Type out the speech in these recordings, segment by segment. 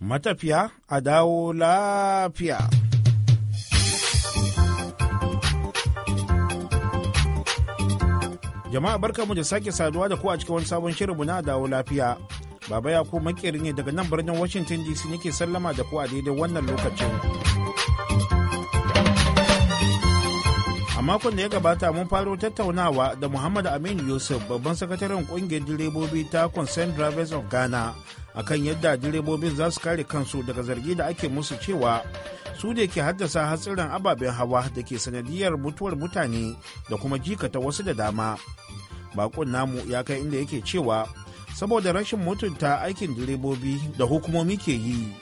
matafiya a dawo lafiya. Jama'a barkamu da sake saduwa da ku a cikin wani sabon shirinmu na dawo lafiya. Baba ya ku makeri ne daga nan birnin Washington DC nake sallama da ku a daidai wannan lokacin. A makon da ya gabata mun faro tattaunawa da Muhammad Aminu Yusuf babban sakataren kungiyar direbobi ta Concerned Drivers of Ghana akan yadda direbobin za su kare kansu daga zargi da ake musu cewa su ne ke haddasa hatsarin ababen hawa da ke sanadiyar mutuwar mutane da kuma jikata wasu da dama bakon namu ya kai inda yake cewa saboda rashin mutunta aikin direbobi da hukumomi ke yi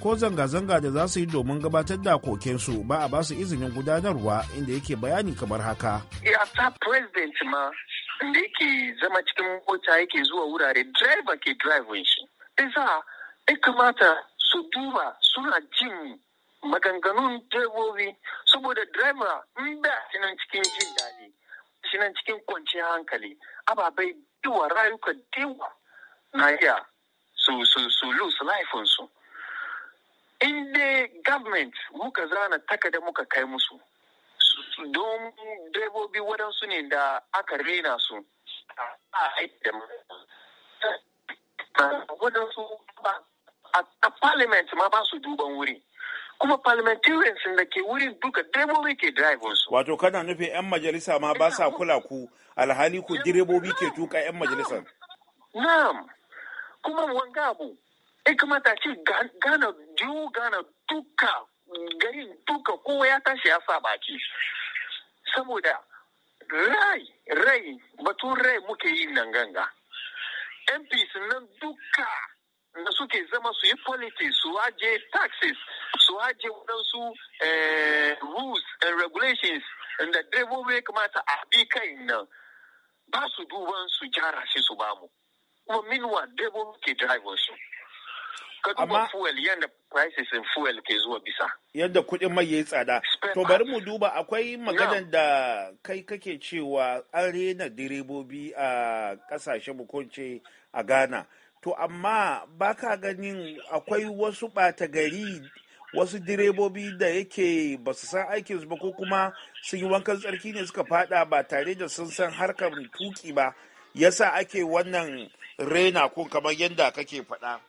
ko zanga-zanga da za su yi domin gabatar da kokensu ba a ba su izinin gudanarwa inda yake bayani kamar haka. Ya president ma da zama cikin mota yake zuwa wurare driver ke driving shi isa ya kamata su duba suna jin maganganun direbobi saboda direba in da shi nan cikin jin daɗi shi nan cikin kwanciyar hankali ababai duwa rayukan dewa na iya su su su lose life su in dai government muka zana takarda muka kai musu don direbobi waɗansu ne da aka rena su a aiki da waɗansu a parliament ma ba su duban wuri kuma parliamentarians da ke wurin duka direbobi ke drivers wato kana nufin 'yan majalisa ma ba sa kula ku alhali ku direbobi ke tuka 'yan majalisa na'am kuma wanga abu ya kamata ce gana jiwo gana duka garin duka kowa ya tashi ya sa baki saboda rai rai batun rai muke yin nan ganga MPs nan duka da suke zama su yi politics su aje taxes su aje waɗansu eh, rules and regulations da direbobi ya kamata a bi kai na ba su duban su gyara shi su bamu kuma minuwa direbobi ke driver su ka duba fuel yadda prices in fuel ke zuwa bisa yadda kuɗin mai ya yi tsada to bari mu duba akwai maganar da kai kake cewa an rena direbobi a kasashen mu ko a ghana to amma ba ka ganin akwai wasu ɓata gari wasu direbobi da yake ba su san aikinsu ba ko kuma sun yi wankan tsarki ne suka fada ba tare da sun san harkar tuki ba yasa ake wannan rena ko kamar yadda kake faɗa.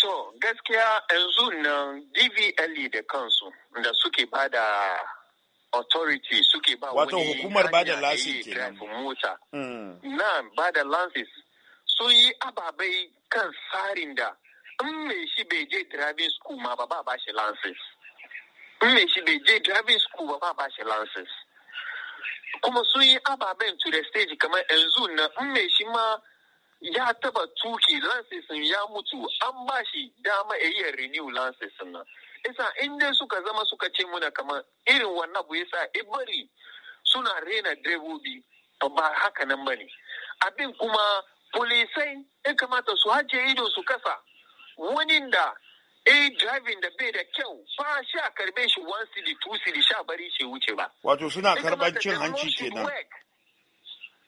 to gaskiya yanzu nan dvl e da kansu da suke ba da authority suke ba wani hukumar ba da lasin mota mm. na ba da lansis sun yi ababai kan tsarin da in mai shi bai je driving school ma ba ba shi lances in mai shi bai je driving school ba ba shi lances kuma sun yi ababai to the stage kamar yanzu na in mai shi ma ya taba tuki lancesin ya mutu an ba shi dama ya yi renew lances na, isa inda suka zama suka ce muna kamar irin wannan abu yasa ibari suna rena drebobi ba haka nan bane abin kuma polisai ya kamata su haje ido su kasa wani da e driving da bai da kyau ba sha karbe shi one city two city sha bari shi wuce ba wato suna karban cin hanci nan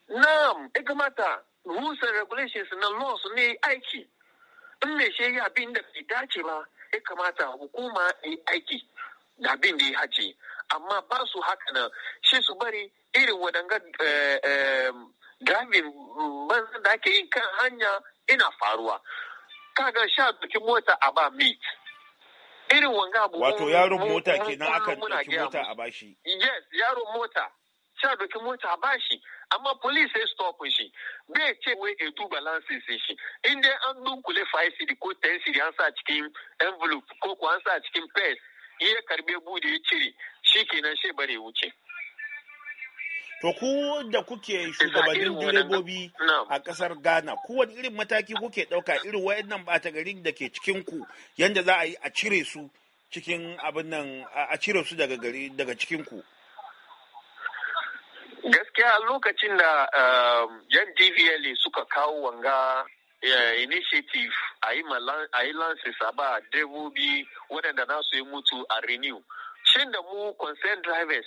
na'am ya kamata rules and regulations na laws ne aiki in me shi ya abin da bai dace ba ya kamata hukuma yi aiki da bin da ya hace amma ba su haka nan shi su bari irin wadanga eh, eh, driving banzan da ake yi kan hanya ina faruwa kaga sha dukin mota a ba meat irin wanga abu wato yaron mota kenan aka dukin mota a bashi yes yaron mota sha dukin mota a bashi amma police sai stop shi bai ce wai a duba lansin shi in dai an dunkule 5 cd ko 10 cd an sa cikin envelope ko ko an sa cikin purse ya karbe bude ya cire shi kenan shi bare wuce To ku da kuke shugabannin direbobi a kasar Ghana, kowane irin mataki kuke ɗauka irin wayannan bata garin da ke cikinku, yadda za a yi a cire su cikin abin nan a cire su daga gari daga cikinku. Gaskiya lokacin da um, yan dvl suka kawo wanga eh, initiative a yi lansisa saba direbobi waɗanda na yi mutu a renew. Shin da mu concern drivers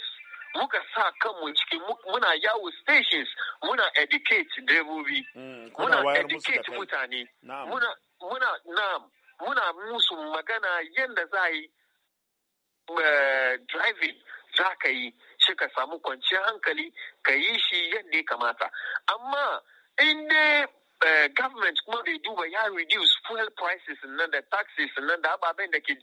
muka sa kanmu cikin muna yawo stations muna educate direbobi mm, muna educate mutane muna muna musu magana yadda za yi eh, driving za ka yi shi ka samu kwanciyar hankali ka yi shi yadda ya kamata amma in dai Eh, government kuma bai duba ya reduce fuel prices na da taxes na da ababen da ke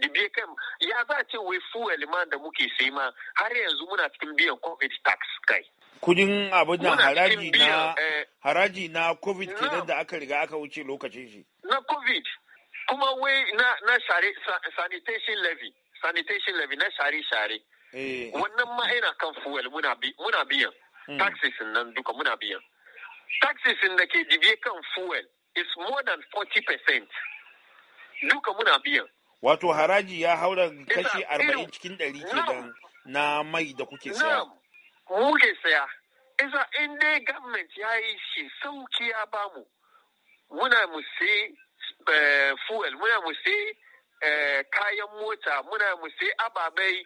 dibiye kan ya za ce wai fuel ma da muke sai ma har yanzu muna cikin biyan covid tax kai kudin abin da haraji na eh, haraji na covid kenan da aka riga aka wuce lokacin shi na covid kuma wai na na share sanitation levy sanitation levy na share share eh. wannan ma yana kan fuel muna biyan hmm. taxes nan duka muna biyan taxes da ke jibe kan fuel is more than 40%. Duka muna biyan. Wato haraji ya haura kashi 40 cikin 100 kenan na mai da kuke saya. Kuke ke saya. Isa in dai government ya yi shi sauki ya bamu. Muna mu sai fuel, muna mu sai kayan mota, muna mu sai ababai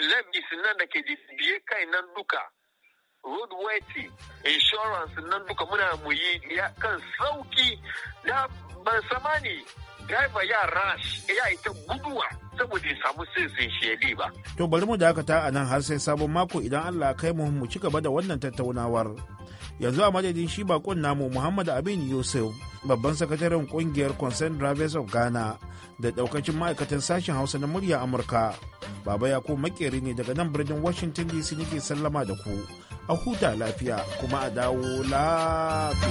levies nan da ke biye kai nan duka. road waiting insurance nan duka muna mu yi kan sauki da ban samani driver ya rash ya ita guduwa saboda ya samu sinsin sheli ba. To bari mu dakata a nan har sai sabon mako idan Allah kai mu mu ci gaba da wannan tattaunawar. Yanzu a madadin shi bakon namu Muhammad Abin Yusuf babban sakataren kungiyar Concerned Drivers of Ghana da daukacin ma'aikatan sashen Hausa na murya Amurka. Baba ya ko makeri ne daga nan birnin Washington DC nake sallama da ku. a huta lafiya kuma a dawo lafiya.